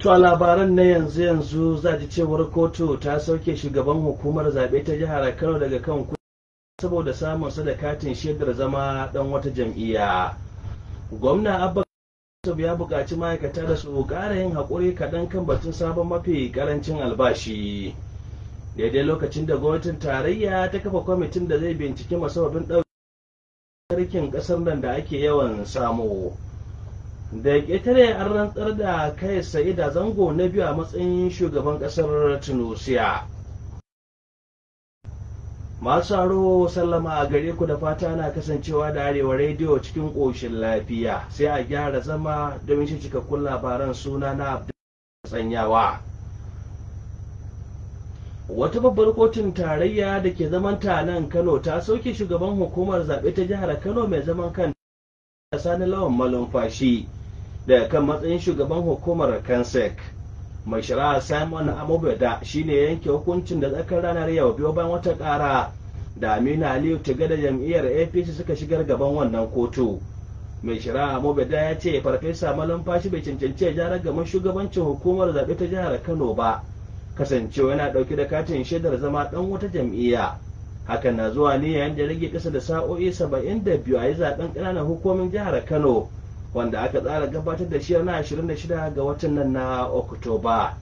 to a labaran na yanzu yanzu za ji cewar kotu ta sauke shugaban hukumar zaɓe ta jihar kano daga kan saboda samun da katin shaidar zama dan wata jam'iyya gwamna abba ya buƙaci ma'aikata da su ƙara yin haƙuri kaɗan kan batun sabon mafi ƙarancin albashi daidai lokacin da gwamnatin tarayya ta kafa kwamitin da zai binciki masababin ɗaukin ƙasar nan da ake yawan samu da ƙetare an rantsar da kai sa'ida zango na biyu a matsayin shugaban ƙasar tunisia masu aro sallama a gare ku da fata na kasancewa da arewa rediyo cikin ƙoshin lafiya sai a gyara zama domin shi cikakkun labaran suna na tsanyawa wata babbar kotun tarayya da ke zaman ta nan kano ta sauke shugaban hukumar zaɓe ta jihar kano mai zaman kan sani lawan malumfashi daga kan matsayin shugaban hukumar kansec mai shari'a simon amobeda shine yanke hukuncin da tsakar ranar yau biyo bayan wata kara da Aminu aliyu tuga da jam'iyyar apc suka shigar gaban wannan kotu mai shari'a amobeda ya ce farfesa Malam Fashi bai cancanci ya jarar gaban shugabancin hukumar zaɓe ta jihar kano ba kasancewa yana ɗauke da katin shaidar zama ɗan wata jam'iyya hakan na zuwa ne yayin da rage ƙasa da sa'o'i saba'in da biyu a yi zaɓen ƙananan hukumomin jihar kano wanda aka tsara gabatar da shi na 26 ga watan nan na oktoba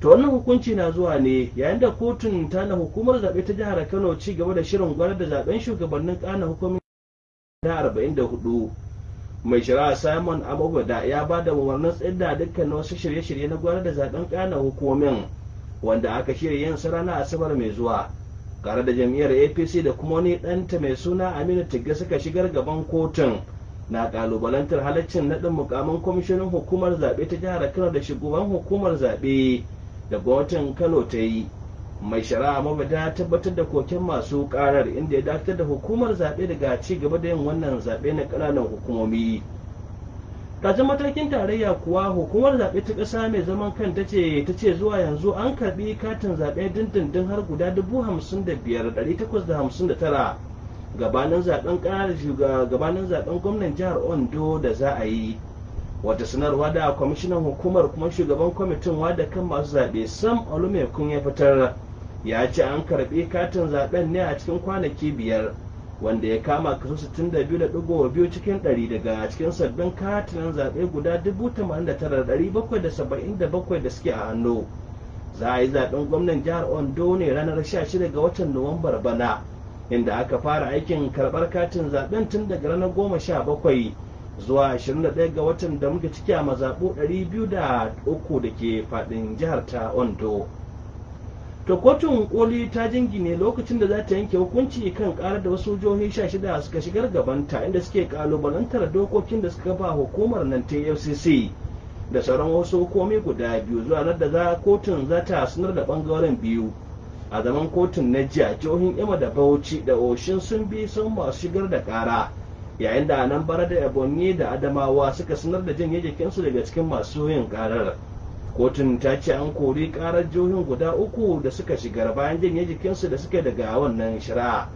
ta wannan hukunci na zuwa ne yayin da kotun ta na hukumar zaɓe ta jihar kano ci gaba da shirin gwanar da zaben shugabannin ƙana hukumin da 44 mai shari'a simon amogwada ya ba da umarnin tsayar da dukkan wasu shirye-shirye na gwanar da zaben ƙana hukumin wanda aka shirya yin sa ranar asabar mai zuwa tare da jam'iyyar apc da kuma wani ɗanta mai suna aminu tigga suka shigar gaban kotun na kalubalantar halaccin naɗin mukamin kwamishinin hukumar zaɓe ta jihar kano da shugaban hukumar zaɓe da gwamnatin kano ta yi mai shari'a mabada tabbatar da koken masu karar inda ya dakatar da hukumar zaɓe daga ci gaba da yin wannan zaɓe na ƙananan hukumomi kajin matakin tarayya kuwa hukumar zaɓe ta ƙasa mai zaman kan ta ce ta ce zuwa yanzu an karɓi katin zaɓe dindindin har guda dubu hamsin da biyar ɗari takwas da hamsin da tara gabanin zaben gabanin zaben gwamnan jihar ondo da za a yi wata sanarwa da kwamishinan hukumar kuma shugaban kwamitin wada kan masu zaɓe sam kun ya fitar ya ce an karɓi katin zaben ne a cikin kwanaki biyar wanda ya kama kaso 62.2 cikin 100 daga cikin sabbin katinan zaɓe guda 89,777 da suke a hannu za a yi zaɓen gwamnan jihar ondo ne ranar 16 ga watan nuwambar bana inda aka fara aikin karɓar katin zaben tun daga ranar goma sha bakwai zuwa 21 ga watan da muka ciki a mazaɓu 203 da ke faɗin jihar ta ondo to kotun koli ta jingine lokacin da za ta yanke hukunci kan ƙarar da wasu jihohi shida suka shigar gabanta inda suke kalubalantar dokokin da suka ba hukumar nan ta fcc da sauran wasu hukumomi guda biyu zuwa nan da za kotun za ta sanar da ɓangaren biyu a zaman kotun na jiya jihohin imo da bauchi da oshin sun bi sun masu shigar da ƙara. yayin da nan bara da ebonyi da adamawa suka sanar da janye jikinsu daga cikin masu yin karar kotun ta ce an kori karar jihohin guda uku da suka shigar bayan janye jikinsu da suka daga wannan shira.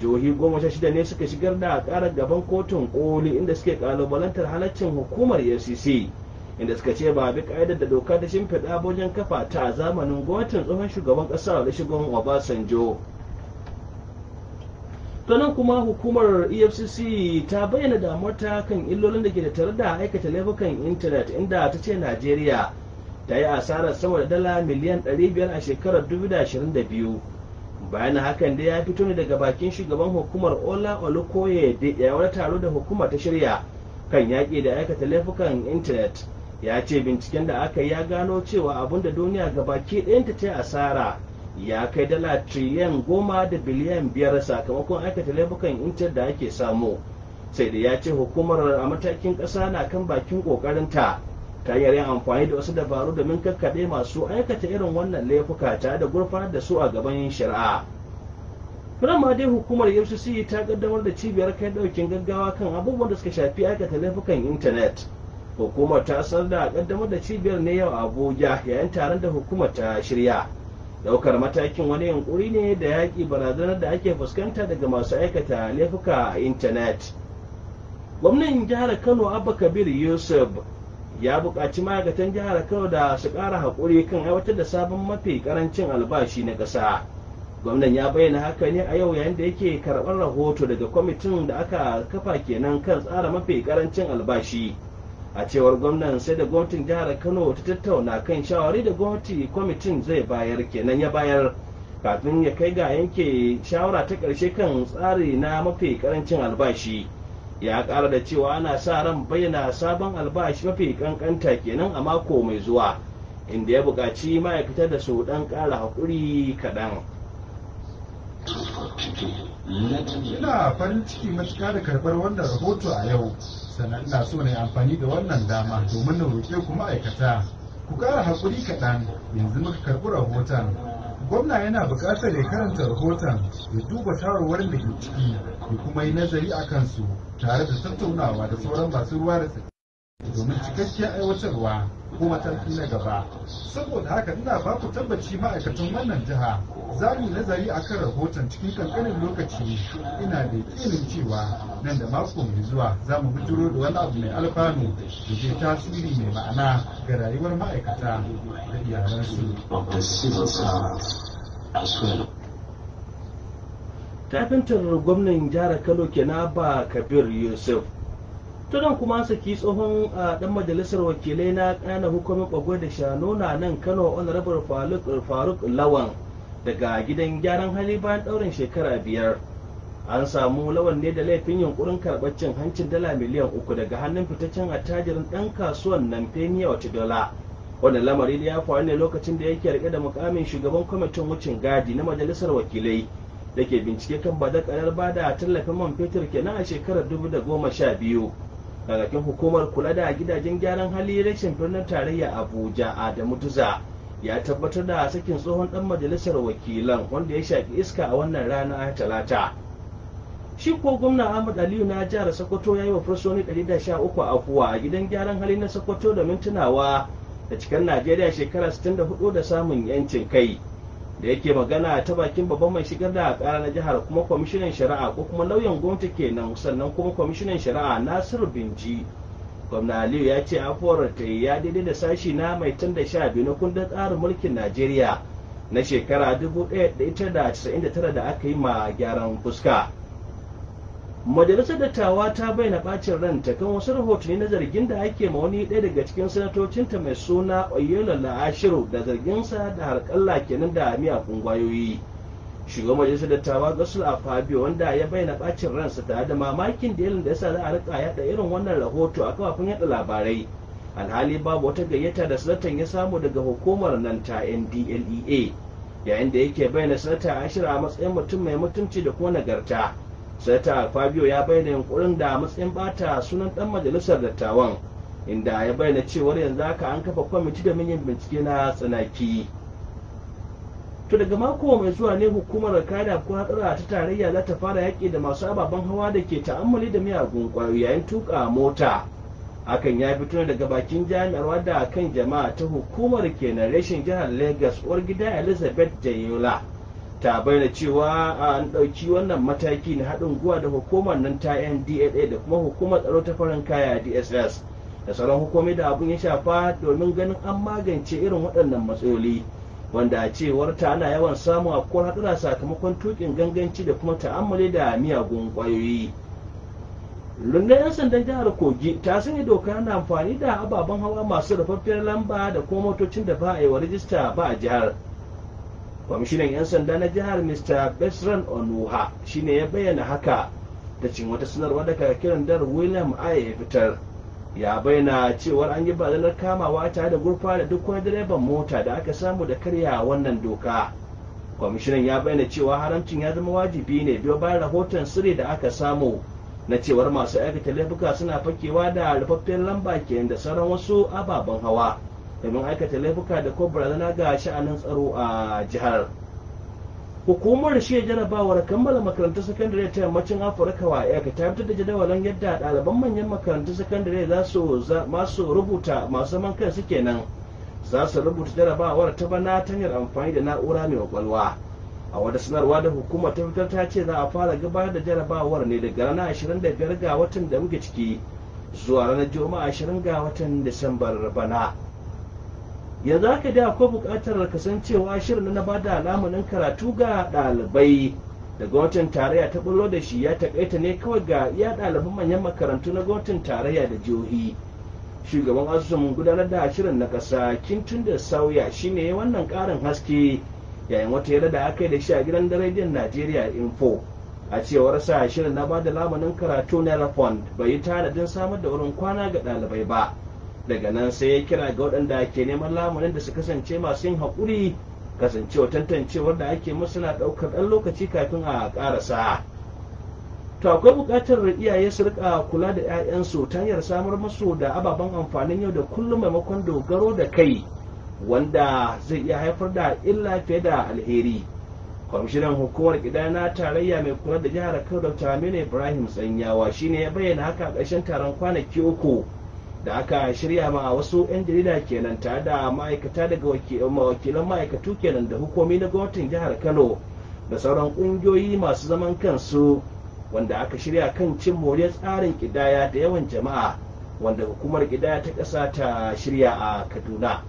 jihohi goma sha shida ne suka shigar da karar gaban kotun koli inda suke kalubalantar halaccin hukumar acc inda suka ce ba bi ka'idar da doka da shimfiɗa wajen kafa ta zamanin gwamnatin tsohon shugaban ƙasar Olusegun Obasanjo. sannan kuma hukumar efcc ta bayyana damuwarta kan illolin da ke da tare da aikata laifukan intanet inda ta ce najeriya ta yi asarar sama da dala miliyan 500 a shekarar 2022 bayan hakan da ya fito ne daga bakin shugaban hukumar ola olukoye da ya wani taro da hukumar ta shirya kan yaƙi da aikata laifukan intanet ya ce binciken da aka ya gano cewa da duniya gabaki ɗayanta ta asara ya kai dala triliyan goma da biliyan biyar sakamakon aikata laifukan intar da ake samu sai da ya ce hukumar a matakin ƙasa na kan bakin ƙoƙarinta ta yi yin amfani da wasu dabaru domin kakkaɗe masu aikata irin wannan laifuka ta da gurfanar da su a gaban yin shari'a ma dai hukumar fcc ta kaddamar da cibiyar kai ɗaukin gaggawa kan abubuwan da suka shafi aikata laifukan intanet hukumar ta sanar da kaddamar da cibiyar ne yau a abuja yayin taron da hukumar ta shirya daukar matakin wani yunkuri ne da yaƙi barazanar da ake fuskanta daga masu aikata laifuka a intanet gwamnan jihar kano abba kabir yusuf ya buƙaci ma'aikatan jihar kano da su ƙara haƙuri kan aiwatar da sabon mafi ƙarancin albashi na ƙasa gwamnan ya bayyana haka ne a yau yayin da yake karɓar rahoto daga kwamitin da aka kafa kenan kan tsara mafi ƙarancin albashi a cewar gwamnan sai da gwamnatin jihar kano ta tattauna kan shawari da gwamnati kwamitin zai bayar kenan ya bayar kafin ya kai ga yanke shawara ta ƙarshe kan tsari na mafi ƙarancin albashi ya ƙara da cewa ana sa ran bayyana sabon albashi mafi ƙanƙanta kenan a mako mai zuwa inda ya buƙaci ma'aikata da su ɗan ƙara haƙuri kaɗan. Ina farin ciki matuƙa da karɓar wannan rahoto a yau, sannan ina so na yi amfani da wannan dama domin na roƙe ku ma'aikata. Ku ƙara haƙuri kaɗan yanzu muka karɓi rahoton. Gwamna yana buƙatar ya karanta rahoton ya duba shawarwarin da ke ciki ya kuma yi nazari a kansu tare da tattaunawa da sauran masu ruwa da tsaki. domin cikakken aiwatarwa ko mataki na gaba saboda haka ina ba ku tabbaci ma'aikatan wannan jiha za mu nazari a kan rahoton cikin kankanin lokaci ina da yakinin cewa nan da mako mai zuwa za mu bujiro da wani abu mai alfanu da zai tasiri mai ma'ana ga rayuwar ma'aikata da iyalansu. Tafintar gwamnan jihar kano kenan ba kabir yusuf tunan kuma saki tsohon dan majalisar wakilai na ƙananan hukumar bagwai da Shanu na nan kano rabar faruk lawan daga gidan gyaran hali bayan ɗaurin shekara biyar an samu lawan ne da laifin yunkurin karɓar cin hancin dala miliyan uku daga hannun fitaccen attajirin ɗan kasuwan nan feniya wata dola wannan lamari da ya faru ne lokacin da yake rike da mukamin shugaban kwamitin wucin gadi na majalisar wakilai da ke bincike kan ba bada tallafin man fetur kenan a shekarar dubu da goma sha biyu. kakakin hukumar kula da gidajen gyaran hali rashin birnin tarayya abuja adamu duza ya tabbatar da sakin tsohon dan majalisar wakilan wanda ya shafi iska a wannan rana a talata shi ko gwamna ahmad aliyu na jihar sokoto ya yi wa fursoni 113 afuwa a gidan gyaran hali na sokoto da mintunawa da cikin najeriya shekara 64 da samun yancin kai da yake magana ta bakin babban mai shigar da kara na jihar kuma kwamishinan shari'a ko kuma lauyan gwamnati kenan sannan kuma kwamishinan shari'a nasiru binji gwamna aliyu ya ce afuwar ta ya daidai da sashi na mai tun da sha biyu na kundin tsarin mulkin najeriya na shekara 1999 da aka yi ma gyaran fuska majalisar dattawa ta bayyana bacin ta kan wasu rahotanni na zargin da ake ma wani ɗaya daga cikin sanatocinta mai suna oyelola ashiru da zargin sa da harƙalla kenan da miyagun gwayoyi shugaban majalisar dattawa a fabio wanda ya bayyana bacin ransa tare da mamakin dalilin da yasa za a rika yada irin wannan rahoto a kafafun yada labarai alhali babu wata gayyata da sanatan ya samu daga hukumar nan ta ndlea yayin da yake bayyana sanata a ashir a matsayin mutum mai mutunci da kuma nagarta sanata fabio ya bayyana yunkurin da matsayin bata sunan dan majalisar dattawan inda ya bayyana cewar yanzu haka an kafa kwamiti da yin bincike na tsanaki to daga mako mai zuwa ne hukumar kada ko hadura ta tarayya za ta fara yaƙi da masu ababen hawa da ke ta'ammali da miyagun ƙwayoyi yayin tuka mota hakan ya fito daga bakin jami'ar wadda kan jama'a ta hukumar kenan reshen jihar lagos uwar gida elizabeth jayola ta bayyana cewa an ɗauki wannan mataki na haɗin guwa da hukumar nan ta ndaa da kuma hukumar tsaro ta farin kaya dss da sauran hukumi da abin ya shafa domin ganin an magance irin waɗannan matsaloli wanda a cewar ta ana yawan samu a kowar hadura sakamakon tukin ganganci da kuma ta'ammali da miyagun kwayoyi rundunar 'yan sandan jihar kogi ta sanya doka na amfani da ababen hawa masu rufaffiyar lamba da kuma motocin da ba a yi wa rajista ba a jihar kwamishinan 'yan sanda na jihar mr besran onuha shine ya bayyana haka da cin wata sanarwa daga kiran dar william a ya fitar ya bayyana cewar an yi barazanar kamawa tare da gurfa da duk wani direban mota da aka samu da karya wannan doka kwamishinan ya bayyana cewa haramcin ya zama wajibi ne biyo bayan rahoton sirri da aka samu na cewar masu aikata laifuka suna fakewa da rufaffen lamba ke da sauran wasu ababen hawa domin aikata laifuka da ko barazana ga sha'anin tsaro a jihar hukumar shi bawar kammala makarantar sakandare ta yammacin afirka wa ka ta fitar da jadawalin yadda ɗaliban manyan makarantar sakandare za su masu rubuta masu zaman suke nan, za su rubuta jarabawar ta bana ta hanyar amfani da na'ura mai kwakwalwa a wata sanarwa da hukuma ta fitar ta ce za a fara gabatar da jarabawar ne daga ranar 25 ga watan da muke ciki zuwa ranar juma'a 20 ga watan disambar bana yanzu haka da ko buƙatar kasancewa shirin na ba da alamunin karatu ga ɗalibai da gwamnatin tarayya ta bullo da shi ya takaita ne kawai ga iya ɗaliban manyan makarantu na gwamnatin tarayya da jihohi shugaban asusun gudanar da shirin na ƙasa kintun da sauya shine wannan ƙarin haske yayin wata yadda da aka yi da shi a gidan da rediyon najeriya info a cewar sa shirin na ba da lamunin karatu na rafon bai yi tanadin samar da wurin kwana ga ɗalibai ba daga nan sai ya kira ga waɗanda ake neman lamunin da su kasance masu yin haƙuri kasancewa tantancewar da ake musu na ɗaukar ɗan lokaci kafin a ƙarasa to akwai buƙatar iyaye su rika kula da 'ya'yansu ta hanyar samar musu da ababen amfanin yau da kullum maimakon dogaro da kai wanda zai iya haifar da illa fiye da alheri kwamishinan hukumar gidana tarayya mai kula da jihar kano dr aminu ibrahim tsanyawa shine ya bayyana haka a ƙarshen taron kwanaki uku da aka shirya ma wasu 'yan jarida kenan tare da ma'aikata daga wakilan ma'aikatu kenan da hukumi na gwamnatin jihar kano da sauran ƙungiyoyi masu zaman kansu wanda aka shirya kan cin moriyar tsarin kidaya da yawan jama'a wanda hukumar ƙidaya ta ƙasa ta shirya a kaduna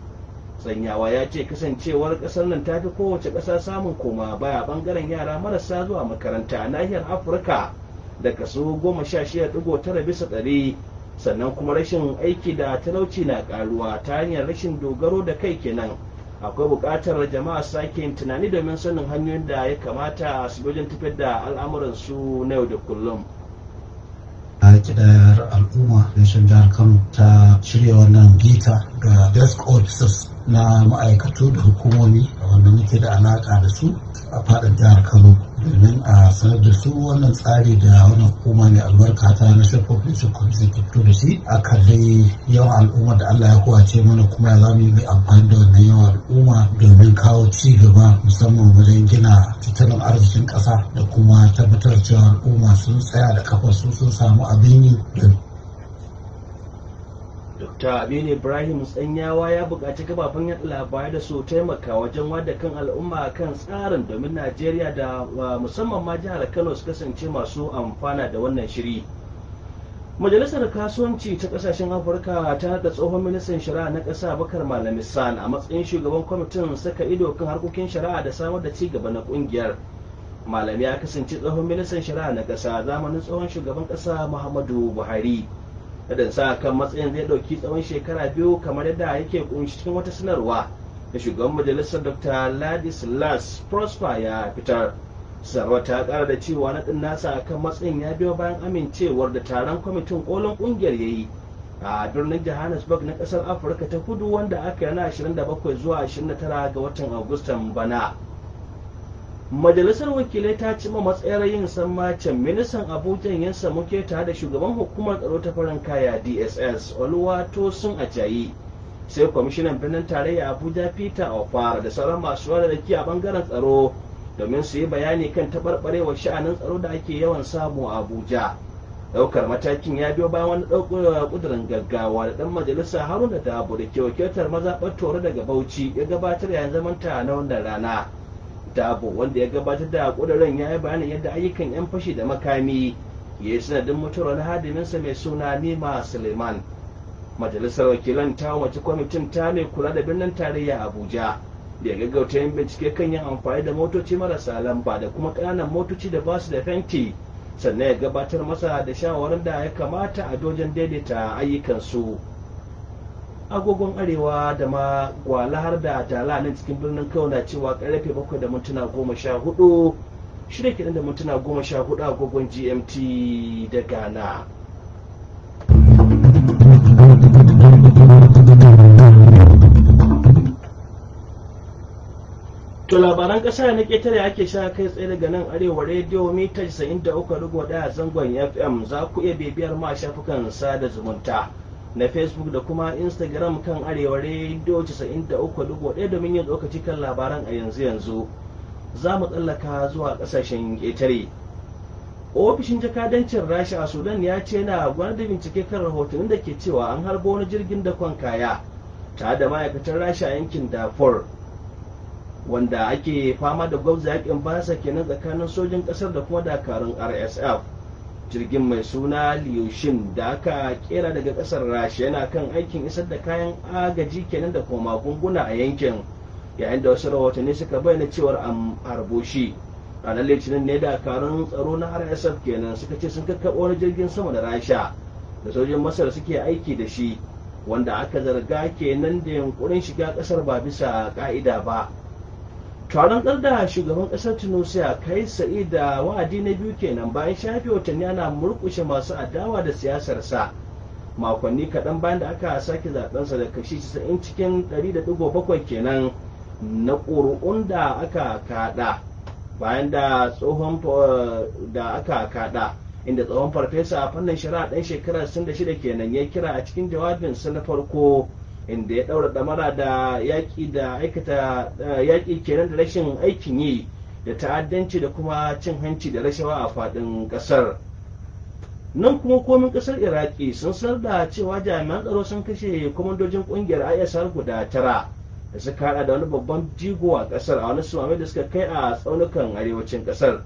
sanyawa ya ce kasancewar ƙasar nan ta fi kowace ƙasa samun koma baya bangaren yara marasa zuwa makaranta a nahiyar afirka da kaso goma sha shida digo tara bisa ɗari sannan kuma rashin aiki da talauci na karuwa ta hanyar rashin dogaro da kai kenan akwai buƙatar jama'a sake tunani domin sanin hanyoyin da ya kamata su wajen tafiyar da al'amuran su na yau da kullum a kidayar al'umma da shan jihar kano ta shirya wannan gita ga desk officers na ma'aikatu da hukumomi wanda muke da alaƙa da su a faɗin jihar kano domin a sanar da su wannan tsari da wannan hukuma mai albarka ta na shafofi su fito da shi a zai yawan al'umma da Allah ya ce mana kuma ya zama yi amfani da wannan yawan al'umma domin kawo ci gaba musamman wajen gina tattalin arzikin ƙasa da kuma tabbatar cewa al'umma sun tsaya da kafa sun samu abin yi Ta Tabin Ibrahim Tsanyawa ya buƙaci kafafen yaɗa labarai da su taimaka wajen wada kan al'umma kan tsarin domin Najeriya da musamman ma jihar Kano su kasance masu amfana da wannan shiri. Majalisar Kasuwanci ta Ƙasashen Afirka ta da tsohon ministan shari'a na ƙasa Bakar malamisan a matsayin shugaban kwamitin saka ido kan harkokin shari'a da samar da ci gaba na ƙungiyar. Malami ya kasance tsohon ministan shari'a na ƙasa zamanin tsohon shugaban ƙasa Muhammadu Buhari. da sa kan matsayin zai ɗauki tsawon shekara biyu kamar yadda yake kunshi cikin wata sanarwa da shugaban majalisar dr ladis las prosper ya fitar sarwa ta kara da cewa naɗin nasa kan matsayin ya biyo bayan amincewar da taron kwamitin kolon ƙungiyar ya yi a birnin johannesburg na ƙasar afirka ta kudu wanda aka yana 27 zuwa 29 ga watan agustan bana majalisar wakilai ta cima matsayar yin sammacin ministan Abuja yin samu keta da shugaban hukumar tsaro ta farin kaya dss oluwato sun ajayi sai kwamishinan birnin tarayya abuja peter ofar da sauran masu wada da a bangaren tsaro domin su yi bayani kan taɓarɓarewar sha'anin tsaro da ake yawan samu a abuja ɗaukar matakin ya biyo bayan wani ɗaukar eh, ƙudurin gaggawa da ɗan majalisa haruna da abu da ke wakiltar mazaɓar tore daga bauchi ya gabatar yayin zamanta na wannan rana dabo wanda ya gabatar da kudurin ya yi bayanin yadda ayyukan 'yan fashi da makami ya yi sanadin mutuwar hadiminsa mai suna nima suleiman majalisar wakilan ta wace kwamitin ta mai kula da birnin tarayya abuja da ya gaggauta yin bincike kan yin amfani da motoci marasa lamba da kuma ƙananan motoci da basu da fenti sannan ya gabatar masa da shawarar da ya kamata a dojin daidaita ayyukansu agogon arewa da ma gwala har da tala nan cikin birnin kano na cewa karfe bakwai da mintuna goma sha hudu shirya kiɗan da mintuna goma sha hudu agogon gmt da ghana To labaran kasa na ƙetare ake sha kai tsaye daga nan arewa rediyo mita 93.1 zangon FM za ku iya bibiyar ma shafukan sada zumunta. na facebook da kuma instagram kan arewa radio 93.1 domin yin tsokaci kan labaran a yanzu yanzu za mu tsallaka zuwa kasashen ƙetare ofishin jakadancin rasha a sudan ya ce na gwamnati da bincike kan rahotannin da ke cewa an harbo wani jirgin da kwan kaya tare da ma'aikatan rasha yankin darfur wanda ake fama da gwamza yakin basa kenan tsakanin sojin kasar da kuma dakarun rsf jirgin mai suna liyoshin da aka kera daga kasar rasha yana kan aikin isar da kayan agaji kenan da kuma magunguna a yankin yayin da wasu rahotanni suka bayyana cewar an harbo shi ranar litinin ne dakarun tsaro na rsf kenan suka ce sun kakkaɓo wani jirgin sama da rasha da sojin masar suke aiki da shi wanda aka zarga kenan da yankurin shiga kasar ba bisa ka'ida ba taron da shugaban ƙasar tunisia kai sa'i da wa'adi na biyu kenan bayan shafi watanni ana murkushe masu adawa da siyasarsa makonni kaɗan bayan da aka sake zaɓensa da kashi 90 cikin 100.7 kenan na ƙuri'un da aka kaɗa bayan da tsohon eh, da aka kaɗa inda tsohon farfesa a fannin shari'a ɗan shekara 66 kenan ya kira a cikin jawabinsa na farko inda ya ɗaura ɗamara da yaƙi da aikata eh, yaƙi kenan da rashin aikin yi da ta'addanci da kuma cin hanci da rashawa a faɗin ƙasar nan kuma komin ƙasar iraki sun sar da cewa jami'an tsaro sun kashe kwamandojin ƙungiyar isr guda tara da suka haɗa da wani babban jigo a ƙasar a wani sumame da suka kai a tsaunukan arewacin ƙasar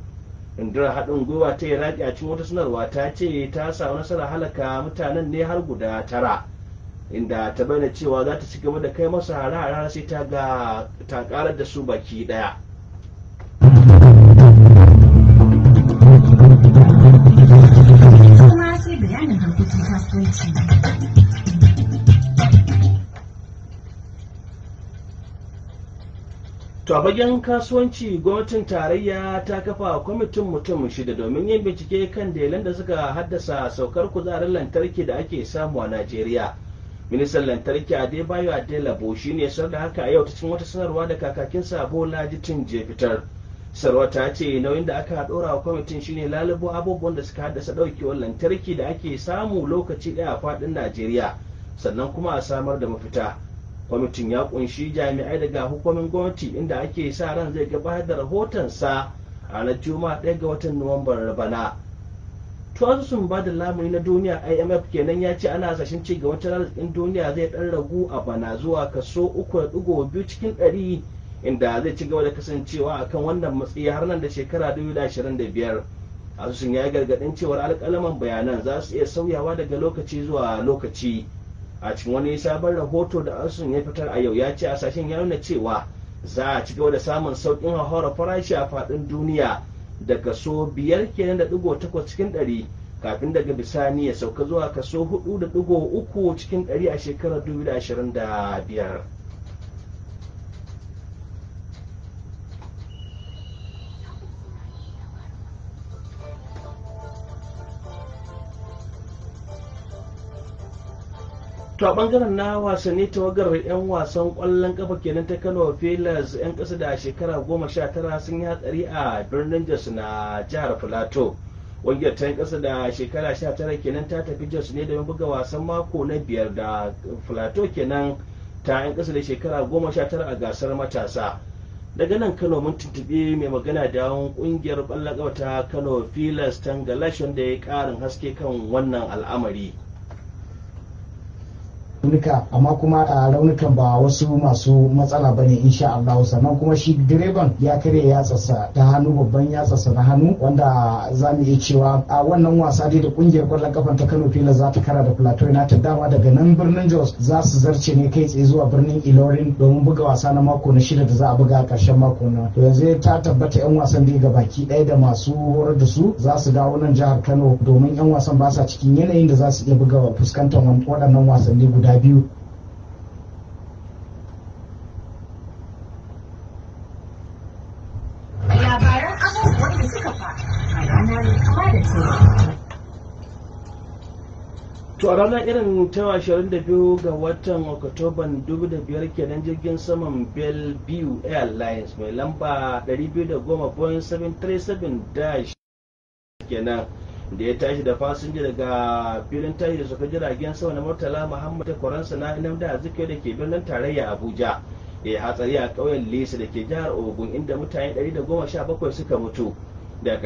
rundunar haɗin gwiwa ta iraki a cikin wata sanarwa ta ce ta samu nasarar halaka mutanen ne har guda tara inda ta bayyana cewa za ta ci gaba da kai masa harare sai ta ga ta karar da su baki daya kuma kasuwanci To a bagen kasuwanci gwamnatin tarayya ta kafa kwamitin mutum shida domin yin bincike kan dalilan da suka haddasa saukar kuzarin lantarki da ake samu a Najeriya. ministan lantarki adebayo adelabo shi ne sar da haka a yau ta cikin wata sanarwa da kakakin kakakinsa bolaji tinje fitar sarwa ta ce nauyin da aka dora wa kwamitin shine lalubo abubuwan da suka haddasa daukewar lantarki da ake samu lokaci ɗaya a fadin najeriya sannan kuma a samar da mafita kwamitin ya ƙunshi jami'ai daga hukumin gwamnati inda ake sa ran zai gabatar da rahotonsa a ranar juma'a ɗaya ga watan nuwamban bana tuwasu sun ba da lamuni na duniya imf kenan ya ce ana hasashen ci ga tattalin arzikin duniya zai dan ragu a bana zuwa kaso uku da cikin ɗari inda zai ci gaba da kasancewa akan wannan matsayi har nan da shekara 2025 asusun ya yi gargaɗin cewar alƙalaman bayanan za su iya sauyawa daga lokaci zuwa lokaci a cikin wani sabon rahoto da asusun ya fitar a yau ya ce hasashen ya nuna cewa za a ci gaba da samun sauƙin hauhawar farashi a faɗin duniya da kaso biyar kenan da digo takwas cikin ɗari kafin daga bisani ya sauka zuwa kaso hudu da digo uku cikin ɗari a shekarar 2025 to a bangaren na wasanni tawagar 'yan wasan kwallon kafa kenan ta kano felix 'yan kasa da shekara goma sha tara sun yi hatsari a birnin jos na jihar filato wangiyar ta kasa da shekara sha tara kenan ta tafi jos ne domin buga wasan mako na biyar da filato kenan ta 'yan kasa da shekara goma sha tara a gasar matasa daga nan kano mun tuntuɓe mai magana da ƙungiyar kwallon kafa ta kano felix tangalashin da ya ƙarin haske kan wannan al'amari raunuka amma kuma a raunukan ba wasu masu matsala ba ne insha Allah sannan kuma shi direban ya karya tsasa ta hannu babban tsasa na hannu wanda za mu iya cewa a wannan wasa dai da kungiyar kwallon kafan ta Kano Pilas za ta kara da Plateau United dama daga nan birnin Jos za su zarce ne kai tsaye zuwa birnin Ilorin domin buga wasa na mako na shida da za a buga a ƙarshen mako na to yanzu ta tabbata yan wasan dai ga baki ɗaya da masu horar da su za su dawo nan jihar Kano domin yan wasan ba sa cikin yanayin da za su iya buga fuskantar waɗannan wasanni guda biyu labaran suka faru a ranar da to a ranar irin ta 22 ga watan oktoban 2005 kenan jirgin saman biyu airlines mai lamba 210.737 kenan da ya tashi da fasinja daga filin tashi da suka jiragen sama na murtala muhammad kwaransa na inam da zuke da ke birnin tarayya abuja ya hatsari a ƙauyen lisa da ke jihar ogun inda mutane 117 suka mutu da